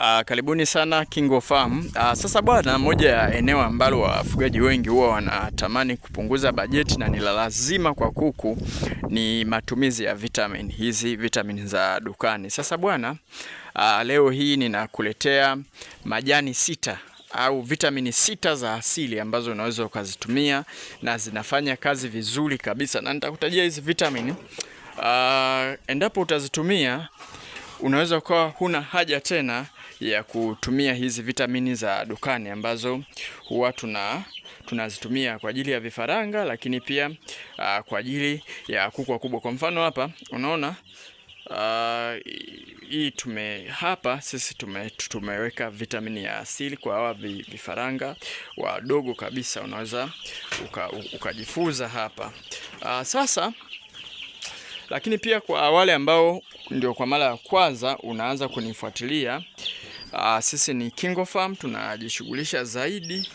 Uh, karibuni sana Kingo Farm. Uh, sasa bwana, moja ya eneo ambalo wafugaji wengi huwa wanatamani kupunguza bajeti na ni la lazima kwa kuku ni matumizi ya vitamin hizi vitamin za dukani. Sasa bwana, uh, leo hii ninakuletea majani sita au vitamini sita za asili ambazo unaweza ukazitumia na zinafanya kazi vizuri kabisa, na nitakutajia hizi vitamini uh, endapo utazitumia unaweza ukawa huna haja tena ya kutumia hizi vitamini za dukani ambazo huwa tuna tunazitumia kwa ajili ya vifaranga, lakini pia uh, kwa ajili ya kuku wakubwa. Kwa mfano hapa unaona uh, hii tume hapa sisi tume, tumeweka vitamini ya asili kwa hawa vifaranga wadogo kabisa, unaweza ukajifuza uka hapa uh, sasa lakini pia kwa wale ambao ndio kwa mara ya kwanza unaanza kunifuatilia Uh, sisi ni Kingo Farm tunajishughulisha zaidi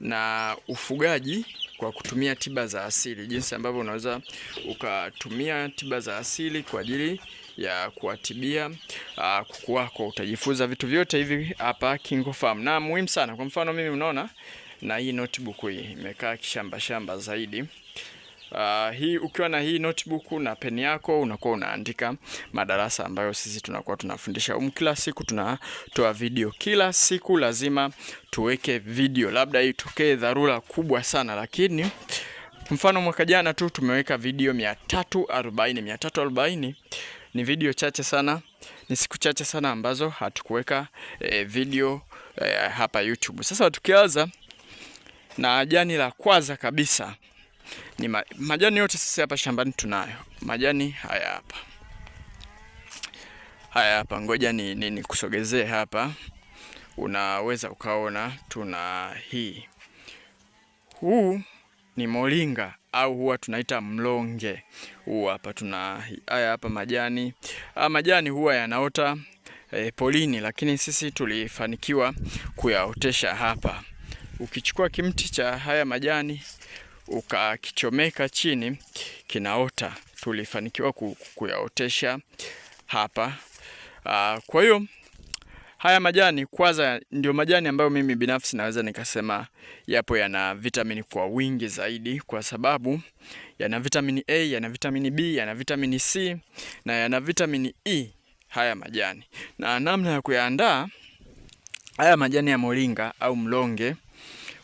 na ufugaji kwa kutumia tiba za asili, jinsi ambavyo unaweza ukatumia tiba za asili kwa ajili ya kuwatibia uh, kuku wako. Utajifunza vitu vyote hivi hapa Kingo Farm na muhimu sana. Kwa mfano mimi, unaona na hii notebook hii imekaa kishamba shamba zaidi. Uh, hii ukiwa na hii notebook na peni yako unakuwa unaandika madarasa ambayo sisi tunakuwa tunafundisha um, kila siku tunatoa video, kila siku lazima tuweke video, labda itokee dharura kubwa sana, lakini mfano mwaka jana tu tumeweka video 340. 340 ni video chache sana, ni siku chache sana ambazo hatukuweka eh, video eh, hapa YouTube. Sasa tukianza na jani la kwanza kabisa ni ma, majani yote sisi hapa shambani tunayo majani haya hapa haya hapa, ngoja ni nikusogezee ni hapa, unaweza ukaona tuna hii. Huu ni moringa au huwa tunaita mlonge. Huu hapa tuna haya hapa majani ha, ah, majani huwa yanaota e, polini, lakini sisi tulifanikiwa kuyaotesha hapa. Ukichukua kimti cha haya majani ukakichomeka chini kinaota. Tulifanikiwa kuyaotesha hapa. Uh, kwa hiyo haya majani kwanza ndio majani ambayo mimi binafsi naweza nikasema yapo yana vitamini kwa wingi zaidi, kwa sababu yana vitamini A, yana vitamini B, yana vitamini C na yana vitamini E haya majani. Na namna ya kuyaandaa haya majani ya moringa au mlonge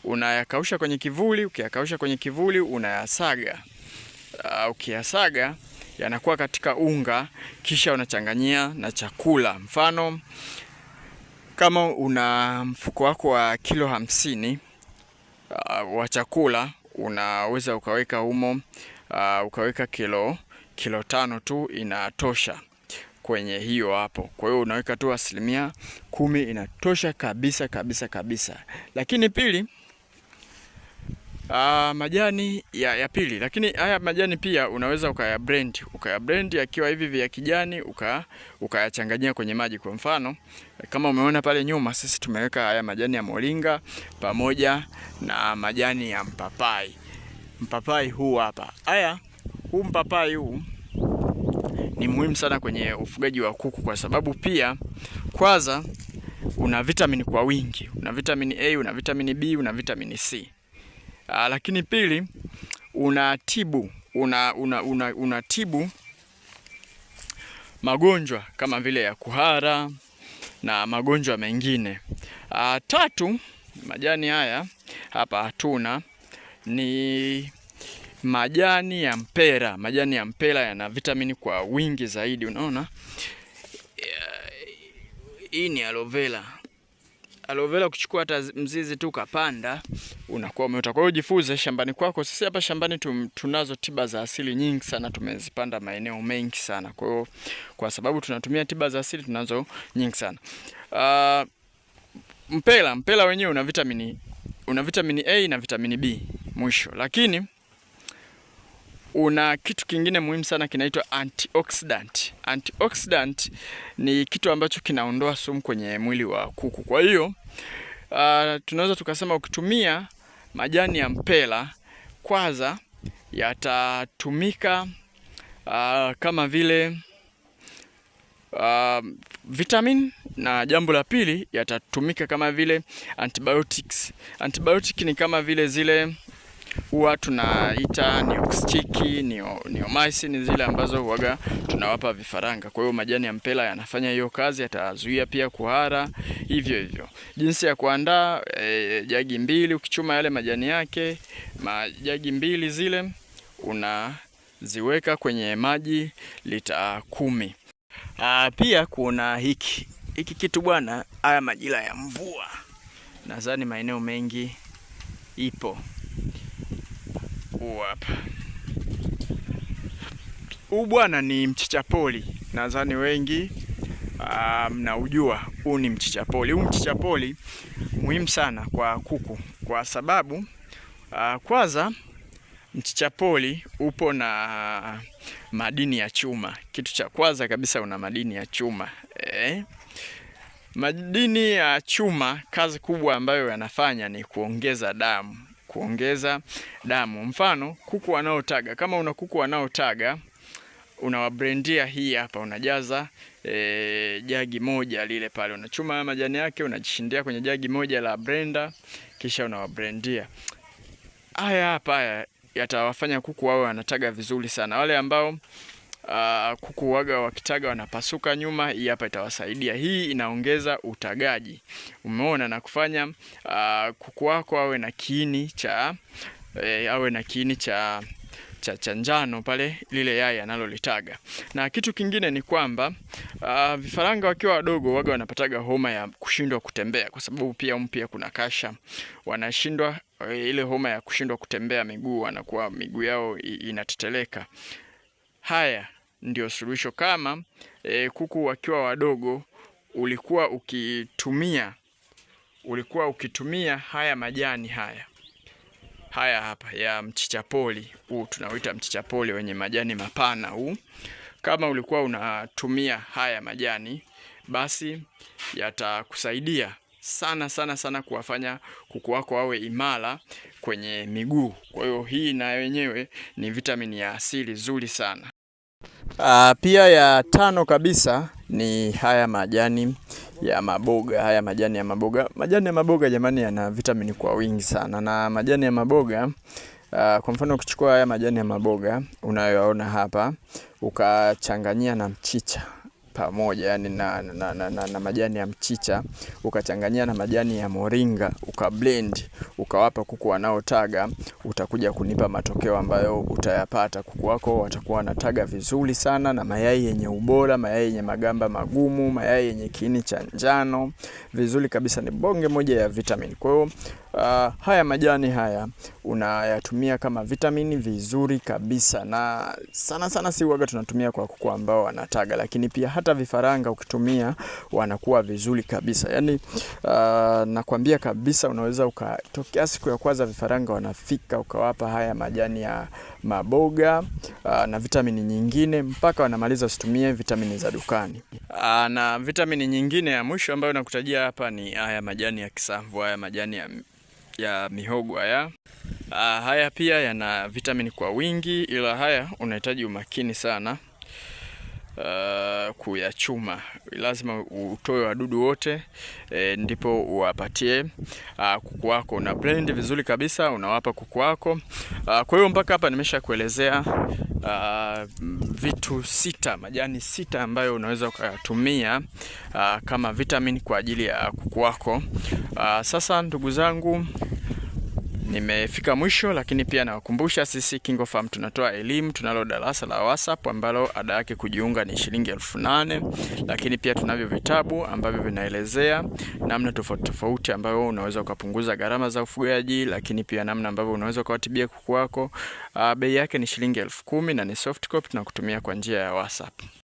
unayakausha kwenye kivuli. Ukiyakausha kwenye kivuli unayasaga. Uh, ukiyasaga yanakuwa katika unga, kisha unachanganyia na chakula. Mfano, kama una mfuko wako wa kilo hamsini uh, wa chakula unaweza ukaweka humo uh, ukaweka kilo kilo tano tu inatosha kwenye hiyo hapo. Kwa hiyo unaweka tu asilimia kumi inatosha kabisa kabisa kabisa. Lakini pili Uh, majani ya, ya pili, lakini haya majani pia unaweza ukaya blend ukaya blend yakiwa hivi vya kijani uka ukayachanganyia kwenye maji. Kwa mfano kama umeona pale nyuma, sisi tumeweka haya majani ya moringa pamoja na majani ya mpapai. Mpapai huu hapa, haya huu mpapai huu ni muhimu sana kwenye ufugaji wa kuku, kwa sababu pia kwanza una vitamini kwa wingi, una vitamini A, una vitamini B, una vitamini C Uh, lakini pili unatibu una, una, una, unatibu magonjwa kama vile ya kuhara na magonjwa mengine. Uh, tatu majani haya hapa hatuna ni majani ya mpera. Majani ya mpera yana vitamini kwa wingi zaidi, unaona eh, hii ni aloe vera alovela kuchukua hata mzizi tu ukapanda unakuwa umeota. Kwa hiyo jifunze shambani kwako. Sisi hapa shambani tum, tunazo tiba za asili nyingi sana, tumezipanda maeneo mengi sana. Kwa hiyo kwa sababu tunatumia tiba za asili tunazo nyingi sana. Uh, mpela mpela wenyewe una vitamini una vitamini A na vitamini B mwisho, lakini una kitu kingine muhimu sana kinaitwa antioxidant. Antioxidant ni kitu ambacho kinaondoa sumu kwenye mwili wa kuku. Kwa hiyo uh, tunaweza tukasema ukitumia majani ya mpela kwanza yatatumika uh, kama vile uh, vitamin na jambo la pili yatatumika kama vile antibiotics. Antibiotic ni kama vile zile huwa tunaita nioxtiki, neomycin ni zile ambazo huaga tunawapa vifaranga. Kwa hiyo majani ya mpela yanafanya hiyo kazi, yatazuia pia kuhara. Hivyo hivyo jinsi ya kuandaa e, jagi mbili, ukichuma yale majani yake, majagi mbili zile unaziweka kwenye maji lita kumi. Aa, ah, pia kuna hiki hiki kitu bwana, haya majira ya mvua nadhani maeneo mengi ipo kitunguu hapa. Huu bwana ni mchichapoli, nadhani wengi ah, mnaujua. Um, huu ni mchichapoli. Huu mchichapoli muhimu sana kwa kuku kwa sababu uh, kwanza mchichapoli upo na madini ya chuma. Kitu cha kwanza kabisa una madini ya chuma eh? Madini ya chuma kazi kubwa ambayo yanafanya ni kuongeza damu kuongeza damu. Mfano kuku wanaotaga, kama una kuku wanaotaga unawabrendia hii hapa, unajaza e, jagi moja lile pale, unachuma majani yake, unajishindia kwenye jagi moja la brenda, kisha unawabrendia. Haya hapa haya yatawafanya kuku wawe wanataga vizuri sana. Wale ambao Ah, kuku waga wakitaga wanapasuka nyuma. Hii hapa itawasaidia, hii inaongeza utagaji, umeona, na kufanya ah, kuku wako awe na kiini cha eh, awe na kiini cha cha, cha njano pale lile yai analolitaga. Na kitu kingine ni kwamba uh, vifaranga wakiwa wadogo waga wanapataga homa ya kushindwa kutembea, kwa sababu pia mpya kuna kasha, wanashindwa eh, ile homa ya kushindwa kutembea miguu, wanakuwa miguu yao inateteleka. Haya ndio suluhisho. Kama e, kuku wakiwa wadogo ulikuwa ukitumia ulikuwa ukitumia haya majani haya haya hapa ya mchichapoli, huu tunaoita mchichapoli wenye majani mapana huu, kama ulikuwa unatumia haya majani, basi yatakusaidia sana sana sana kuwafanya kuku wako wawe imara kwenye miguu. Kwa hiyo hii na wenyewe ni vitamini ya asili nzuri sana. Uh, pia ya tano kabisa ni haya majani ya maboga. Haya majani ya maboga, majani ya maboga jamani, yana vitamini kwa wingi sana, na majani ya maboga Uh, kwa mfano ukichukua haya majani ya maboga unayoona hapa ukachanganyia na mchicha pamoja yani na, na, na, na, na majani ya mchicha ukachanganyia na majani ya moringa ukablend ukawapa kuku wanaotaga, utakuja kunipa matokeo ambayo utayapata. Kuku wako watakuwa wanataga vizuri sana, na mayai yenye ubora, mayai yenye magamba magumu, mayai yenye kiini cha njano vizuri kabisa. Ni bonge moja ya vitamini. Kwa hiyo uh, haya majani haya unayatumia kama vitamini vizuri kabisa, na sana sana si waga tunatumia kwa kuku ambao wanataga, lakini pia hata hata vifaranga ukitumia wanakuwa vizuri kabisa. Yani uh, nakwambia kabisa, unaweza ukatokea siku ya kwanza vifaranga wanafika ukawapa haya majani ya maboga uh, na vitamini nyingine mpaka wanamaliza usitumie vitamini za dukani. Uh, na vitamini nyingine ya mwisho ambayo nakutajia hapa ni haya majani ya kisamvu, haya majani ya, ya mihogo haya Uh, haya pia yana vitamini kwa wingi, ila haya unahitaji umakini sana uh, kuyachuma. Lazima utoe wadudu wote e, ndipo uwapatie uh, kuku wako. Una blend vizuri kabisa, unawapa kuku wako uh, kwa hiyo mpaka hapa nimesha kuelezea uh, vitu sita, majani sita ambayo unaweza ukayatumia uh, kama vitamin kwa ajili ya kuku wako. Uh, sasa ndugu zangu Nimefika mwisho, lakini pia nawakumbusha sisi KingoFarm tunatoa elimu. Tunalo darasa la WhatsApp ambalo ada yake kujiunga ni shilingi elfu nane lakini pia tunavyo vitabu ambavyo vinaelezea namna tofauti tofauti ambayo unaweza ukapunguza gharama za ufugaji, lakini pia namna ambavyo unaweza ukawatibia kuku wako. Ah, bei yake ni shilingi elfu kumi na ni soft copy tunakutumia kwa njia ya WhatsApp.